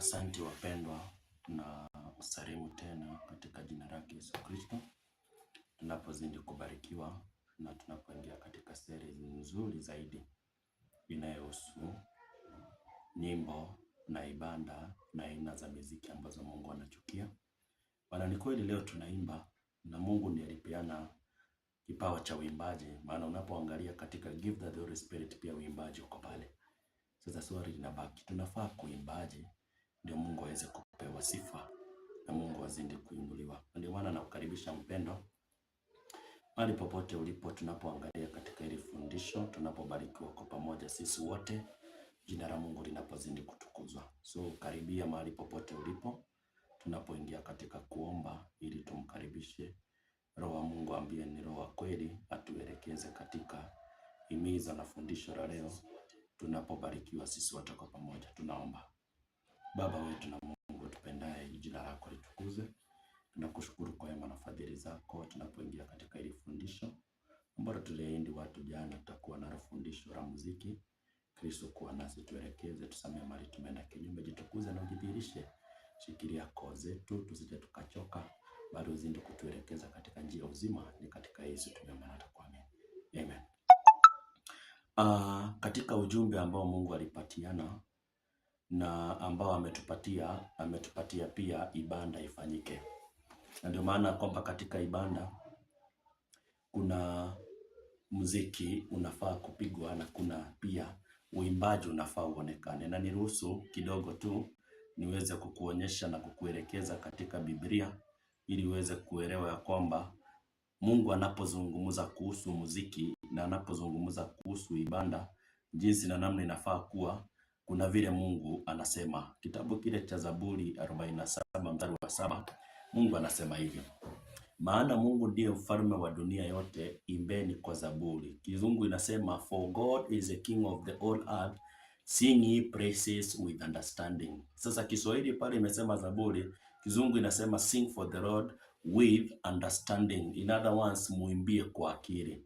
Asante wapendwa, na usalimu tena katika jina lake Yesu Kristo, tunapozidi kubarikiwa na tunapoingia katika seri nzuri zaidi inayohusu nyimbo na ibada na aina za miziki ambazo Mungu anachukia. Bwana, ni kweli leo tunaimba na Mungu ndiye alipeana kipawa cha uimbaji, maana unapoangalia katika Give the Holy Spirit pia uimbaji uko pale. Sasa swali linabaki, tunafaa kuimbaje ndio Mungu aweze kupewa sifa na Mungu azidi kuinuliwa. Ndio maana nakukaribisha mpendo, mahali popote ulipo, tunapoangalia katika hili fundisho, tunapobarikiwa kwa pamoja sisi wote, jina la Mungu linapozidi kutukuzwa. So karibia mahali popote ulipo, tunapoingia katika kuomba ili tumkaribishe Roho wa Mungu ambaye ni Roho wa kweli, atuelekeze katika imiza na fundisho la leo tunapobarikiwa sisi wote kwa pamoja. Tunaomba. Baba wetu na Mungu tupendaye, jina lako litukuze. Tunakushukuru kwa wema na fadhili zako tunapoingia katika hili fundisho ambalo tuliahidi watu jana, tutakuwa na fundisho la muziki. Kristo kuwa nasi, tuelekeze, tusamee mali tumeenda kinyume, jitukuze na ujidhihirishe. Shikilia koo zetu tusije tukachoka, bado uzidi kutuelekeza katika njia uzima. Ni katika Yesu tumeamini, amen. Uh, katika ujumbe ambao Mungu alipatiana na ambao ametupatia ametupatia pia ibada ifanyike, na ndio maana kwamba katika ibada kuna muziki unafaa kupigwa na kuna pia uimbaji unafaa uonekane. Na niruhusu kidogo tu niweze kukuonyesha na kukuelekeza katika Biblia ili uweze kuelewa ya kwamba Mungu anapozungumza kuhusu muziki na anapozungumza kuhusu ibada, jinsi na namna inafaa kuwa kuna vile Mungu anasema. Kitabu kile cha Zaburi 47 mstari wa saba, Mungu anasema hivyo maana Mungu ndiye mfalme wa dunia yote, imbeni kwa zaburi. Kizungu inasema for God is the king of the whole earth, sing ye praises with understanding. Sasa Kiswahili pale imesema zaburi, Kizungu inasema sing for the Lord with understanding. In other words, muimbie kwa akili.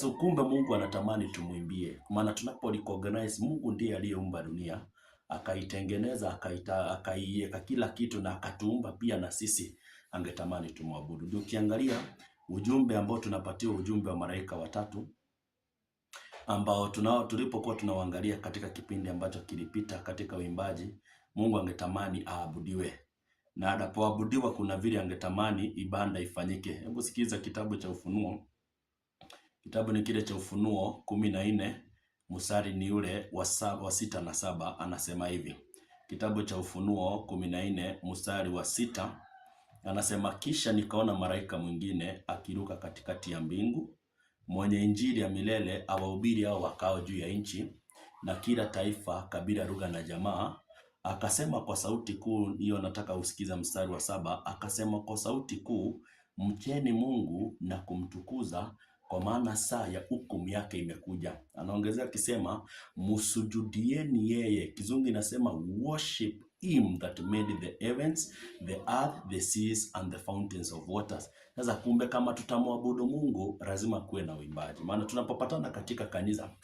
So kumbe Mungu anatamani tumwimbie, maana tunapo recognize Mungu ndiye aliyeumba dunia akaitengeneza akaita akaiweka kila kitu na akatuumba pia na sisi, angetamani tumwabudu. Ukiangalia ujumbe ambao tunapatiwa, ujumbe wa malaika watatu ambao tunao, tulipokuwa tunaangalia katika kipindi ambacho kilipita katika uimbaji, Mungu angetamani aabudiwe, na anapoabudiwa kuna vile angetamani ibada ifanyike. Hebu sikiza kitabu cha Ufunuo Kitabu ni kile cha Ufunuo kumi na nne mstari ni ule wa, wa sita na saba anasema hivi. Kitabu cha Ufunuo kumi na nne mstari wa sita anasema, kisha nikaona malaika mwingine akiruka katikati ya mbingu, mwenye injili ya milele awahubiri hao wakao juu ya nchi na kila taifa, kabila, lugha na jamaa akasema kwa sauti kuu, hiyo nataka usikiza mstari wa saba. Akasema kwa sauti kuu, mcheni Mungu na kumtukuza, kwa maana saa ya hukumu yake imekuja. Anaongezea akisema msujudieni yeye. Kizungu inasema worship him that made the heavens, the earth, the seas and the fountains of waters. Sasa kumbe, kama tutamwabudu Mungu lazima kuwe na uimbaji, maana tunapopatana katika kanisa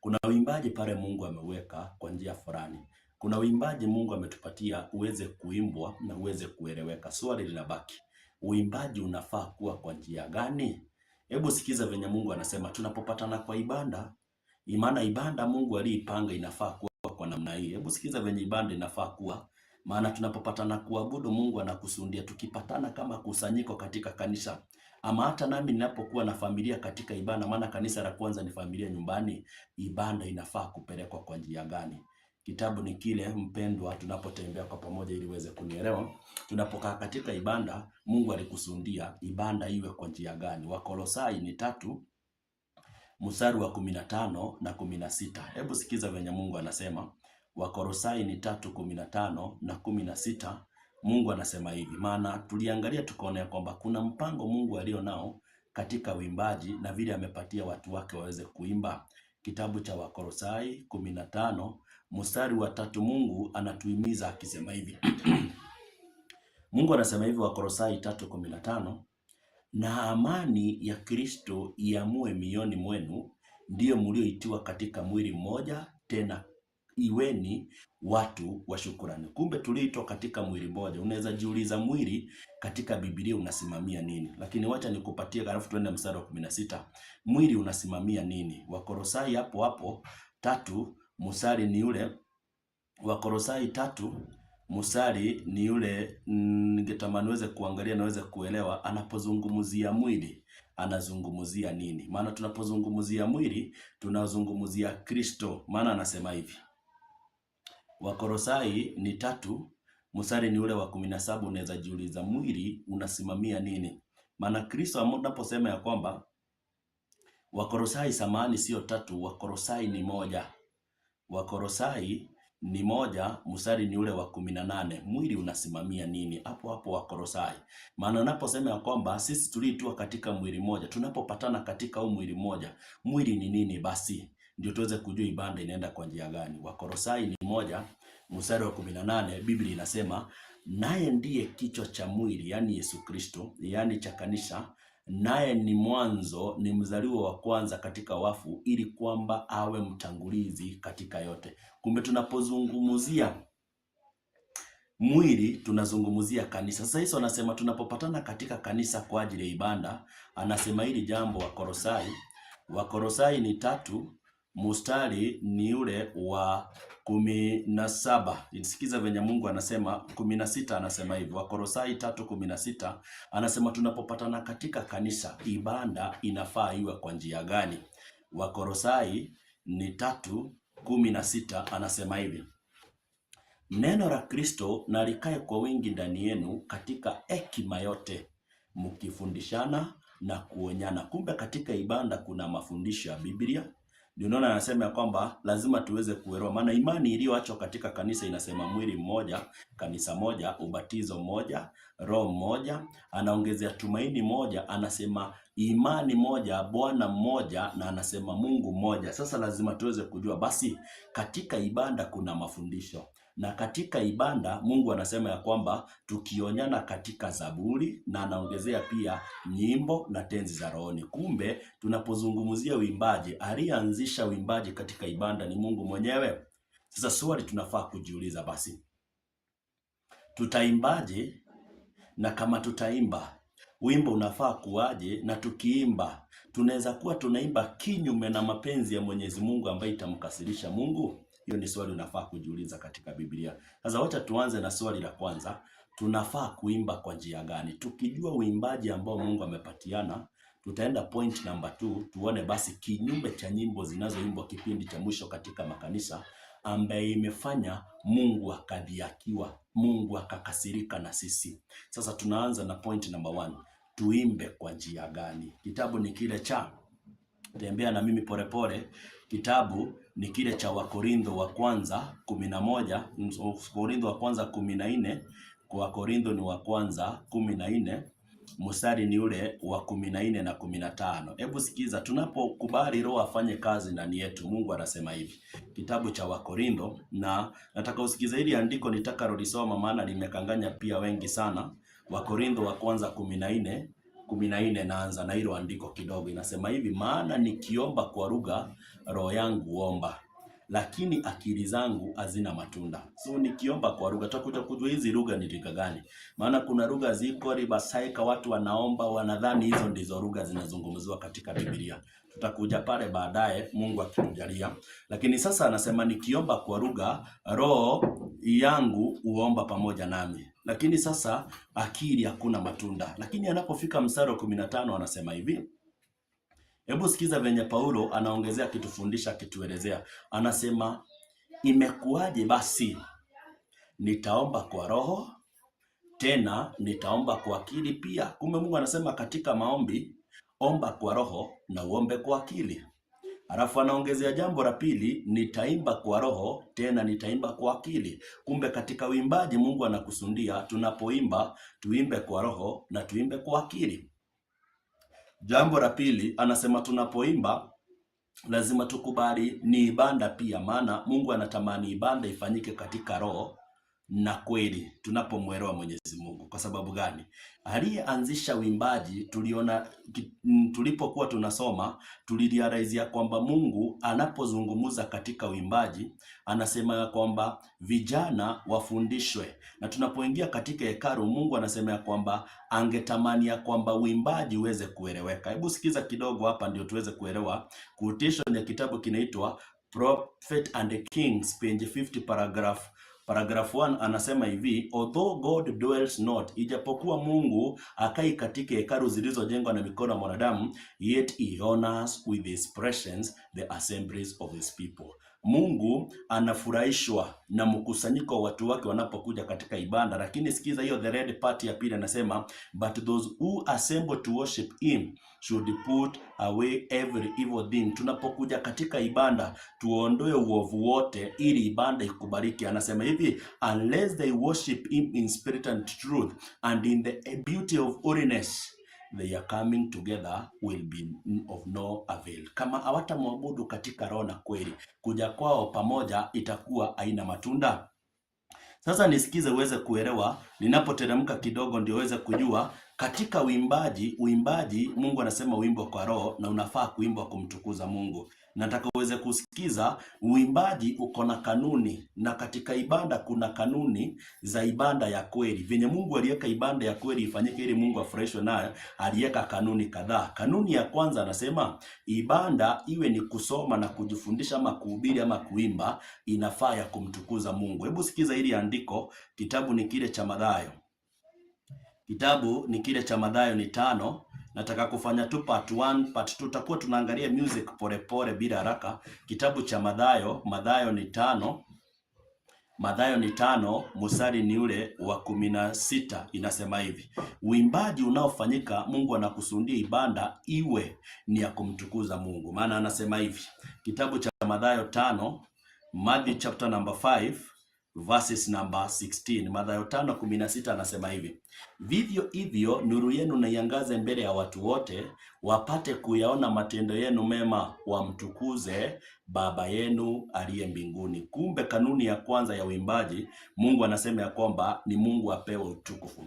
kuna uimbaji pale Mungu ameweka kwa njia fulani kuna uimbaji Mungu ametupatia uweze kuimbwa na uweze kueleweka. Swali linabaki, uimbaji unafaa kuwa kwa njia gani? Hebu sikiza venye Mungu anasema tunapopatana kwa ibada. Maana ibada Mungu aliipanga inafaa kuwa kwa namna hii. Hebu sikiza venye ibada inafaa kuwa, maana tunapopatana kuabudu Mungu anakusudia tukipatana kama kusanyiko katika kanisa ama hata nami ninapokuwa na familia katika ibada, maana kanisa la kwanza ni familia nyumbani. Ibada inafaa kupelekwa kwa njia gani? Kitabu ni kile mpendwa, tunapotembea kwa pamoja ili uweze kunielewa. Tunapokaa katika ibada, Mungu alikusudia ibada iwe kwa njia gani? Wakolosai ni tatu mstari wa kumi na tano na kumi na sita. Hebu sikiza venye Mungu anasema. Wakolosai ni tatu kumi na tano na kumi na sita. Mungu anasema hivi, maana tuliangalia tukaonea kwamba kuna mpango Mungu alio nao katika uimbaji na vile amepatia watu wake waweze kuimba. Kitabu cha Wakolosai kumi na tano mstari wa tatu Mungu anatuhimiza akisema hivi Mungu anasema hivi Wakolosai 3:15, na amani ya Kristo iamue mioni mwenu, ndiyo mlioitiwa katika mwili mmoja, tena iweni watu wa shukurani. Kumbe tuliitwa katika mwili mmoja. Unaweza jiuliza mwili katika Biblia unasimamia nini? Lakini wacha nikupatie, halafu tuende mstari wa 16. Mwili unasimamia nini? Wakolosai hapo hapo tatu musali ni ule wa tatu musali ni ule ningetamani weze kuangalia naweze kuelewa, anapozungumzia mwili anazungumzia nini? Maana tunapozungumzia mwili tunazungumzia Kristo, maana anasema hivi Wakolosai ni tatu musali ni ule wa kumi na saba. Unaweza jiuliza mwili unasimamia nini? Maana Kristo anaposema ya kwamba Wakolosai samani sio tatu, Wakolosai ni moja wakorosai ni moja mstari ni ule wa kumi na nane. Mwili unasimamia nini? Hapo hapo wakorosai Maana unaposema ya kwamba sisi tuliitwa katika mwili mmoja, tunapopatana katika huu mwili mmoja, mwili ni nini basi? Ndio tuweze kujua ibada inaenda kwa njia gani. wakorosai ni moja mstari wa kumi na nane, Biblia inasema naye ndiye kichwa cha mwili, yani Yesu Kristo, yaani cha kanisa naye ni mwanzo, ni mzaliwa wa kwanza katika wafu, ili kwamba awe mtangulizi katika yote. Kumbe tunapozungumzia mwili tunazungumzia kanisa. Sasa hizo anasema tunapopatana katika kanisa kwa ajili ya ibada, anasema hili jambo wa Korosai ni tatu mustari ni ule wa kumi na saba. Sikiza venye Mungu anasema kumi na sita, anasema hivyo Wakolosai tatu kumi na sita, anasema tunapopatana katika kanisa ibada inafaa iwe kwa njia gani? Wakolosai ni tatu kumi na sita, anasema hivi neno la Kristo na likae kwa wingi ndani yenu katika hekima yote mkifundishana na kuonyana. Kumbe katika ibada kuna mafundisho ya Biblia ndio naona anasema kwamba lazima tuweze kuelewa, maana imani iliyoachwa katika kanisa inasema mwili mmoja, kanisa moja, ubatizo mmoja, roho mmoja. Anaongezea tumaini moja, anasema imani moja, Bwana mmoja, na anasema Mungu mmoja. Sasa lazima tuweze kujua, basi katika ibada kuna mafundisho na katika ibada Mungu anasema ya kwamba tukionyana katika Zaburi, na anaongezea pia nyimbo na tenzi za rohoni. Kumbe tunapozungumzia uimbaji, aliyeanzisha uimbaji katika ibada ni Mungu mwenyewe. Sasa swali tunafaa kujiuliza basi, tutaimbaje? Na kama tutaimba wimbo unafaa kuwaje? Na tukiimba tunaweza kuwa tunaimba kinyume na mapenzi ya Mwenyezi Mungu ambaye itamkasirisha Mungu. Hiyo ni swali unafaa kujiuliza katika Biblia. Sasa wacha tuanze na swali la kwanza, tunafaa kuimba kwa njia gani? Tukijua uimbaji ambao Mungu amepatiana, tutaenda point number two, tuone basi kinyume cha nyimbo zinazoimbwa kipindi cha mwisho katika makanisa ambaye imefanya Mungu akadhiakiwa, Mungu akakasirika na sisi. Sasa tunaanza na point number one, tuimbe kwa njia gani? Kitabu ni kile cha Tembea na mimi polepole pole, Kitabu ni kile cha Wakorintho wa kwanza kumi na moja Wakorintho wa kwanza kumi na nne Wakorintho ni wa kwanza kumi na nne mstari ni ule wa kumi na nne na kumi na tano Hebu sikiza, tunapokubali Roho afanye kazi ndani yetu, Mungu anasema hivi, kitabu cha Wakorintho. Na nataka usikize hili andiko nitakalolisoma, maana limekanganya pia wengi sana. Wakorintho wa kwanza kumi na nne kumi na nne naanza na hilo andiko kidogo, inasema hivi: maana nikiomba kwa lugha, roho yangu huomba, lakini akili zangu hazina matunda. So nikiomba kwa lugha, tutakuja kujua hizi lugha ni lugha gani, maana kuna lugha ziko ribasaika, watu wanaomba wanadhani hizo ndizo lugha zinazungumziwa katika Biblia. Tutakuja pale baadaye, Mungu akitujalia. Lakini sasa anasema nikiomba kwa lugha, roho yangu uomba pamoja nami, lakini sasa akili hakuna matunda. Lakini anapofika mstari wa kumi na tano anasema hivi Hebu sikiza venye Paulo anaongezea akitufundisha, akituelezea, anasema imekuwaje basi? Nitaomba kwa roho, tena nitaomba kwa akili pia. Kumbe Mungu anasema katika maombi, omba kwa roho na uombe kwa akili. Alafu anaongezea jambo la pili, nitaimba kwa roho tena nitaimba kwa akili. Kumbe katika uimbaji Mungu anakusundia tunapoimba tuimbe kwa roho na tuimbe kwa akili. Jambo la pili anasema tunapoimba lazima tukubali ni ibada pia, maana Mungu anatamani ibada ifanyike katika roho na kweli tunapomwelewa Mwenyezi Mungu. Kwa sababu gani? Aliyeanzisha uimbaji, tuliona tulipokuwa tunasoma, tulirealize kwamba Mungu anapozungumza katika uimbaji anasema kwamba vijana wafundishwe, na tunapoingia katika hekalu, Mungu anasema kwamba angetamani ya kwamba uimbaji uweze kueleweka. Hebu sikiza kidogo hapa, ndio tuweze kuelewa. Quotation ya kitabu kinaitwa Prophet and the Kings, page 50 paragraph paragraph 1 anasema hivi, although God dwells not, ijapokuwa Mungu akai katika hekalu zilizojengwa na mikono ya mwanadamu, yet he honors with his presence the assemblies of his people. Mungu anafurahishwa na mkusanyiko wa watu wake wanapokuja katika ibada, lakini sikiza hiyo the red part ya pili, anasema but those who assemble to worship him should put away every evil thing. Tunapokuja katika ibada tuondoe uovu wote ili ibada ikubariki. Anasema hivi unless they worship him in spirit and truth and in the beauty of holiness their coming together will be of no avail. Kama hawatamwabudu katika roho na kweli, kuja kwao pamoja itakuwa haina matunda. Sasa nisikize uweze kuelewa, ninapoteremka kidogo ndio uweze kujua. Katika uimbaji, uimbaji Mungu anasema uimbo kwa roho na unafaa kuimbwa kumtukuza Mungu nataka uweze kusikiza. Uimbaji uko na kanuni, na katika ibada kuna kanuni za ibada ya kweli. Venye Mungu aliweka ibada ya kweli ifanyike ili Mungu afurahishwe nayo, aliweka kanuni kadhaa. Kanuni ya kwanza anasema ibada iwe ni kusoma na kujifundisha ama kuhubiri ama kuimba, inafaa ya kumtukuza Mungu. Hebu sikiza hili andiko, kitabu ni kile cha Mathayo, kitabu ni kile cha Mathayo ni tano nataka kufanya tu part 1, part 2. Tutakuwa tunaangalia music pole bila haraka. Kitabu cha Mathayo, Mathayo ni tano, Mathayo ni tano musari ni ule wa kumi na sita inasema hivi: uimbaji unaofanyika Mungu anakusudia ibada iwe ni ya kumtukuza Mungu, maana anasema hivi, kitabu cha Mathayo tano, Matthew chapter number verses number 16. Mathayo 5:16 anasema hivi, vivyo hivyo nuru yenu naiangaze mbele ya watu wote, wapate kuyaona matendo yenu mema, wamtukuze Baba yenu aliye mbinguni. Kumbe kanuni ya kwanza ya uimbaji, Mungu anasema ya kwamba ni Mungu apewe utukufu.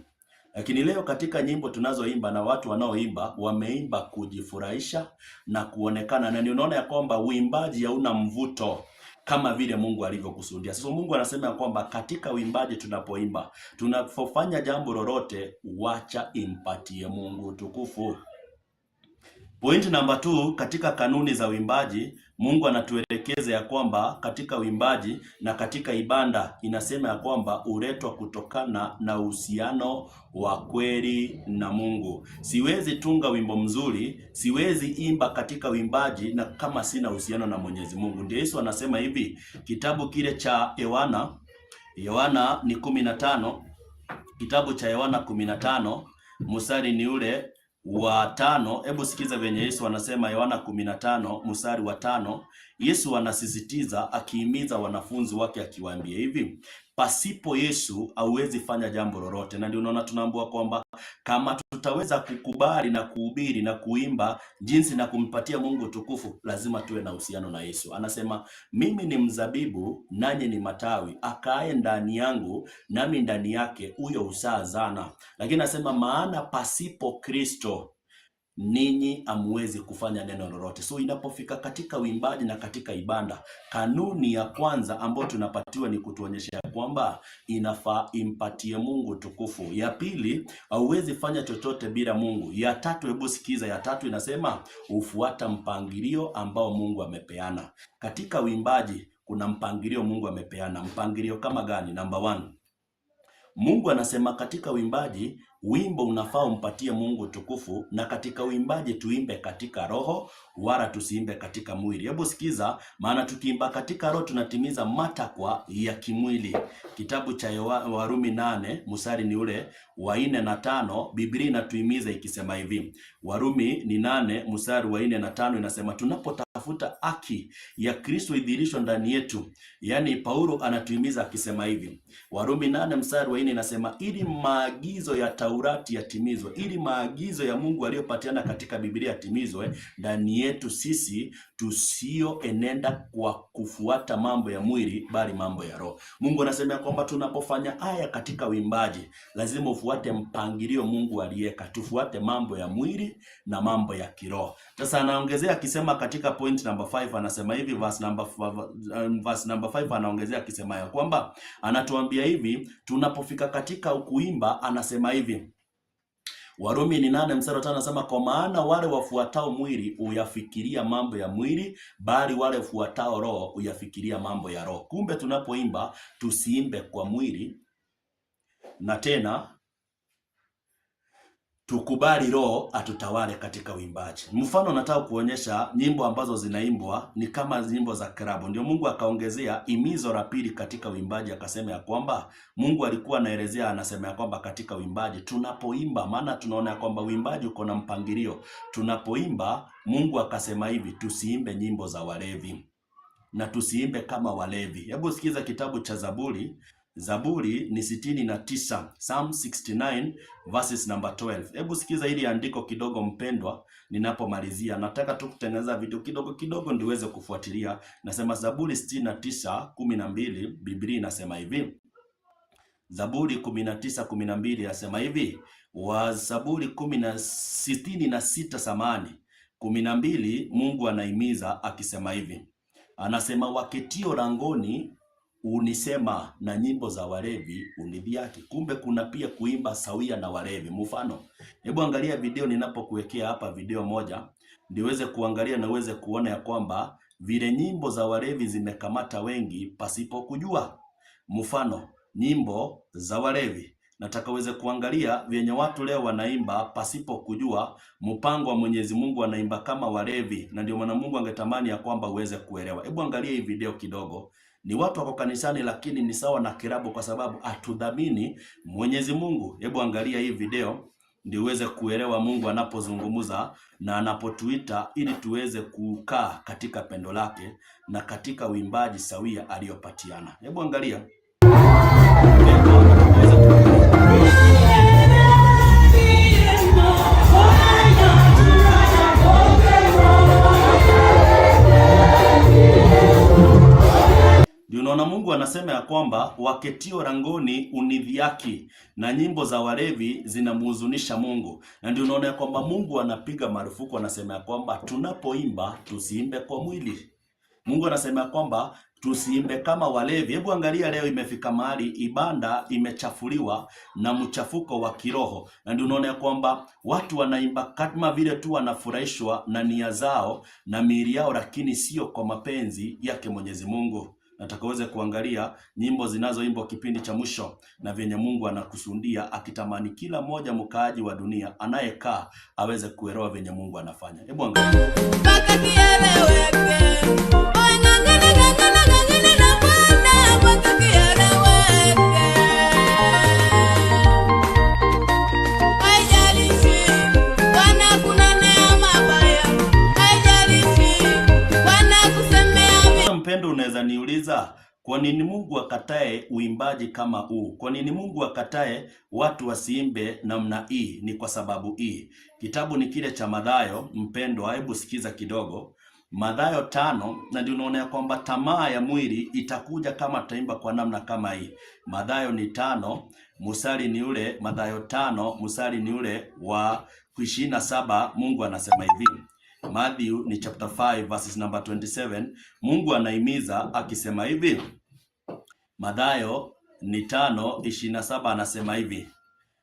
Lakini leo katika nyimbo tunazoimba na watu wanaoimba wameimba kujifurahisha na kuonekana, na ni unaona ya kwamba uimbaji hauna mvuto kama vile Mungu alivyokusudia. Sasa Mungu anasema ya kwamba katika uimbaji, tunapoimba, tunapofanya jambo lolote, wacha impatie Mungu tukufu. Point namba 2 katika kanuni za uimbaji Mungu anatuelekeza ya kwamba katika uimbaji na katika ibada inasema ya kwamba uletwa kutokana na uhusiano wa kweli na Mungu. Siwezi tunga wimbo mzuri, siwezi imba katika uimbaji na kama sina uhusiano na Mwenyezi Mungu. Ndio Yesu anasema hivi, kitabu kile cha Yohana, Yohana ni kumi na tano, kitabu cha Yohana kumi na tano mstari ni ule wa tano. Hebu sikiza venye Yesu anasema, Yohana 15 mstari wa tano. Yesu anasisitiza akihimiza wanafunzi wake akiwaambia hivi, Pasipo Yesu hauwezi fanya jambo lolote, na ndio unaona tunaambua kwamba kama tutaweza kukubali na kuhubiri na kuimba jinsi na kumpatia Mungu tukufu, lazima tuwe na uhusiano na Yesu. Anasema, mimi ni mzabibu, nanye ni matawi, akae ndani yangu nami ndani yake, huyo usaa zana. Lakini anasema maana pasipo Kristo ninyi hamwezi kufanya neno lolote. So inapofika katika uimbaji na katika ibada, kanuni ya kwanza ambayo tunapatiwa ni kutuonyesha kwamba inafaa impatie Mungu tukufu. Ya pili, hauwezi fanya chochote bila Mungu. Ya tatu, hebu sikiza, ya tatu inasema ufuata mpangilio ambao Mungu amepeana. Katika uimbaji kuna mpangilio Mungu amepeana. Mpangilio kama gani? Namba one Mungu anasema katika uimbaji, wimbo unafaa umpatie Mungu tukufu, na katika uimbaji tuimbe katika roho, wala tusiimbe katika mwili. Hebu sikiza, maana tukiimba katika roho tunatimiza matakwa ya kimwili. Kitabu cha Warumi nane musari ni ule wa nne na tano, Biblia inatuhimiza ikisema hivi. Warumi ni nane musari wa nne na tano inasema tunapo tunatafuta haki ya Kristo idhihirishwa ndani yetu. Yaani Paulo anatuhimiza akisema hivi, Warumi nane mstari wa nne inasema, ili maagizo ya Taurati yatimizwe, ili maagizo ya Mungu aliyopatiana katika Biblia yatimizwe ndani yetu sisi tusioenenda kwa kufuata mambo ya mwili, bali mambo ya Roho. Mungu anasema kwamba tunapofanya haya katika uimbaji, lazima ufuate mpangilio Mungu aliyeka, tufuate mambo ya mwili na mambo ya kiroho. Sasa anaongezea akisema katika point point number 5 anasema hivi, verse number um, verse number 5 anaongezea akisema ya kwamba anatuambia hivi, tunapofika katika ukuimba, anasema hivi Warumi ni nane mstari tano anasema kwa maana wale wafuatao mwili huyafikiria mambo ya mwili, bali wale wafuatao roho huyafikiria mambo ya roho. Kumbe tunapoimba tusiimbe kwa mwili na tena tukubali Roho atutawale katika uimbaji. Mfano nataka kuonyesha nyimbo ambazo zinaimbwa ni kama nyimbo za kirabu. Ndio Mungu akaongezea imizo la pili katika uimbaji, akasema ya kwamba Mungu alikuwa anaelezea, anasema ya kwamba katika uimbaji tunapoimba, maana tunaona ya kwamba uimbaji uko na mpangilio. Tunapoimba Mungu akasema hivi, tusiimbe nyimbo za walevi na tusiimbe kama walevi. Hebu sikiza kitabu cha Zaburi Zaburi ni sitini na tisa, Psalm 69 verses number 12. Hebu sikiza hili andiko kidogo mpendwa, ninapomalizia nataka tu kutengeneza vitu kidogo kidogo ndiweze kufuatilia. Nasema Zaburi sitini na tisa kumi na mbili Biblia inasema hivi Zaburi kumi na tisa kumi na mbili hivi wa Zaburi kumi na sita samani kumi na mbili Mungu anaimiza akisema hivi, anasema waketio langoni unisema na nyimbo za walevi unidhiaki. Kumbe kuna pia kuimba sawia na walevi. Mfano, hebu angalia video ninapokuwekea hapa video moja, ndiweze kuangalia na uweze kuona ya kwamba vile nyimbo za walevi zimekamata wengi pasipo kujua. Mfano, nyimbo za walevi, nataka uweze kuangalia vyenye watu leo wanaimba pasipo kujua mpango wa Mwenyezi Mungu, wanaimba kama walevi, na ndio maana Mungu angetamani ya kwamba uweze kuelewa. Hebu angalia hii video kidogo ni watu wako kanisani, lakini ni sawa na kirabu, kwa sababu atudhamini Mwenyezi Mungu. Hebu angalia hii video ndio uweze kuelewa Mungu anapozungumza na anapotuita ili tuweze kukaa katika pendo lake na katika uimbaji sawia aliyopatiana. Hebu angalia. Mungu anasema ya kwamba waketio langoni unidhiaki na nyimbo za walevi zinamhuzunisha Mungu, na ndio unaona ya kwamba Mungu anapiga marufuku, anasema ya kwamba tunapoimba tusiimbe kwa mwili. Mungu anasema ya kwamba tusiimbe kama walevi. Hebu angalia, leo imefika mahali ibada imechafuliwa na mchafuko wa kiroho, na ndio unaona ya kwamba watu wanaimba kama vile tu wanafurahishwa na nia zao na miili yao, lakini sio kwa mapenzi yake Mwenyezi Mungu natakaweza kuangalia nyimbo zinazoimbwa kipindi cha mwisho na vyenye Mungu anakusudia, akitamani kila mmoja mkaaji wa dunia anayekaa aweze kuelewa vyenye Mungu anafanya. Hebu angalia. Unajiuliza, kwa nini Mungu akatae uimbaji kama huu? Kwa nini Mungu akatae watu wasiimbe namna hii? Ni kwa sababu hii. Kitabu ni kile cha Mathayo, mpendwa, hebu sikiza kidogo. Mathayo tano, na ndio unaona kwamba tamaa ya mwili itakuja kama tutaimba kwa namna kama hii. Mathayo ni tano, musali ni ule, Mathayo tano, musali ni ule wa ishirini na saba. Mungu anasema hivi Matthew ni chapter 5 verses number 27, Mungu anaimiza akisema hivi. Mathayo ni tano ishirini na saba anasema hivi,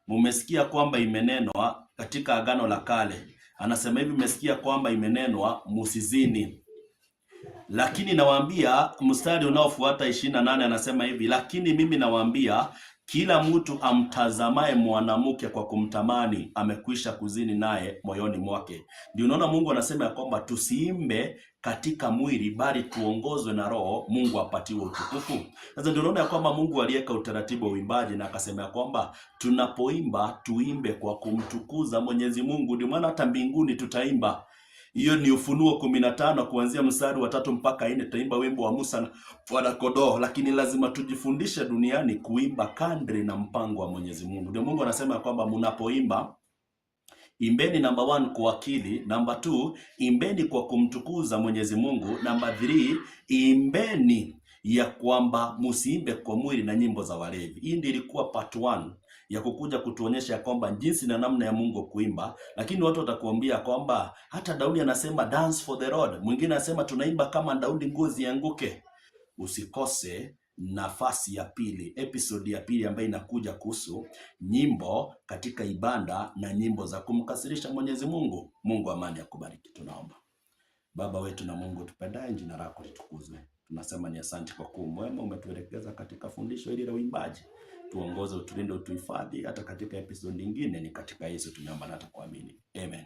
mumesikia kwamba imenenwa katika Agano la Kale, anasema hivi, mmesikia kwamba imenenwa musizini lakini nawaambia, mstari unaofuata ishirini na nane anasema hivi, lakini mimi nawaambia kila mtu amtazamaye mwanamke kwa kumtamani amekwisha kuzini naye moyoni mwake. Ndio unaona Mungu anasema ya kwamba tusiimbe katika mwili bali tuongozwe na Roho, Mungu apatiwe utukufu. Sasa ndio unaona ya kwamba Mungu aliweka utaratibu wa uimbaji na akasema ya kwamba tunapoimba tuimbe kwa kumtukuza Mwenyezi Mungu. Ndio maana hata mbinguni tutaimba hiyo ni Ufunuo kumi na tano kuanzia mstari wa tatu mpaka nne. taimba wimbo wa Musa na Mwanakondoo, lakini lazima tujifundishe duniani kuimba kadri na mpango wa Mwenyezi Mungu. Ndio Mungu anasema kwamba mnapoimba Imbeni namba one kwa akili, namba two imbeni kwa kumtukuza Mwenyezi Mungu, namba three imbeni ya kwamba musiimbe kwa mwili na nyimbo za walevi. Hii ndiyo ilikuwa part one ya kukuja kutuonyesha ya kwamba jinsi na namna ya Mungu kuimba, lakini watu watakuambia kwamba hata Daudi anasema dance for the Lord, mwingine anasema tunaimba kama Daudi ngozi yanguke. Usikose nafasi ya pili, episode ya pili ambayo inakuja kuhusu nyimbo katika ibada na nyimbo za kumkasirisha Mwenyezi Mungu. Mungu amani akubariki. Tunaomba. Baba wetu na Mungu tupendaye, jina lako litukuzwe. Tunasema ni asante kwa kuwa mwema, umetuelekeza katika fundisho hili la uimbaji tuongoze, utulinde, utuhifadhi hata katika episode nyingine. Ni katika Yesu tumeomba na tukuamini, amen.